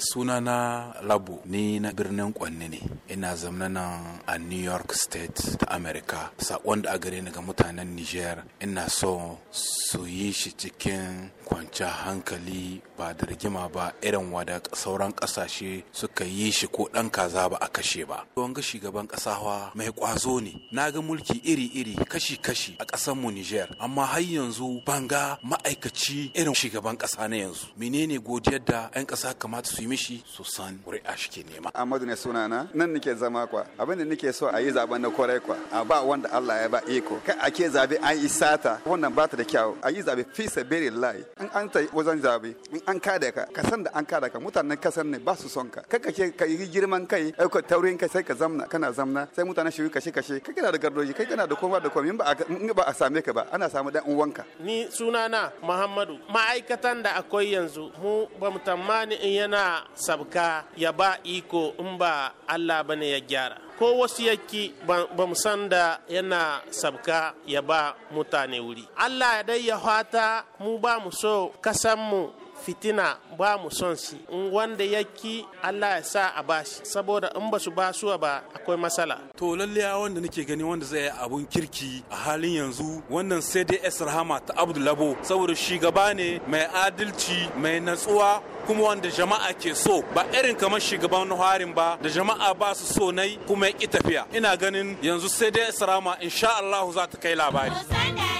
suna na labo ni na birnin kwanne ne ina zamna nan a new york state ta america sakon da a gare ni ga mutanen niger ina so su yi shi cikin kwanci hankali ba da rigima ba irin wada sauran kasashe suka yi shi ko dan kaza ba a kashe ba don ga shugaban kasawa mai ƙwazo ne na ga mulki iri-iri kashi-kashi a ƙasar mu niger amma har yanzu banga ma'aikaci irin shugaban ƙasa na yanzu menene godiyar da 'yan ƙasa kamata su yi mishi su san ƙuri'a shi nema. Amadu ne sunana nan nake zama kwa abin da nake so a yi zaben na kwarai kwa a ba wanda Allah ya ba iko kai ke zabe an yi sata wannan ba ta da kyau a yi zabe fi beri layi in an ta wajen zabe in an kada ka ka san da an kada ka mutanen kasan ne ba su son ka kaka ke ka yi girman kai ka taurin kai sai ka zamna kana zamna sai mutanen shi kashe kashe kai kana da gardoji kai kana da koma da komai in ba a same ka ba ana samu dan uwanka. Ni sunana Muhammadu ma'aikatan da akwai yanzu mu ba mu tamani in yana sabka ya ba iko in ba Allah bane ya gyara ko wasu yaki ba san da yana sabka ya ba mutane wuri Allah ya dai ya fata mu ba mu so kasanmu fitina ba mu son shi in wanda yaki Allah ya sa a bashi saboda in ba su basuwa ba akwai matsala to lalle wanda nake gani wanda zai yi abun kirki a halin yanzu wannan sai dai Esar Hama ta Abdullabo saboda shugaba ne mai adalci mai natsuwa kuma wanda jama'a ke so ba irin kamar shugaban harin ba da jama'a ba su so nai kuma ya tafiya ina ganin yanzu sai dai Esar Hama insha Allah za ta kai labari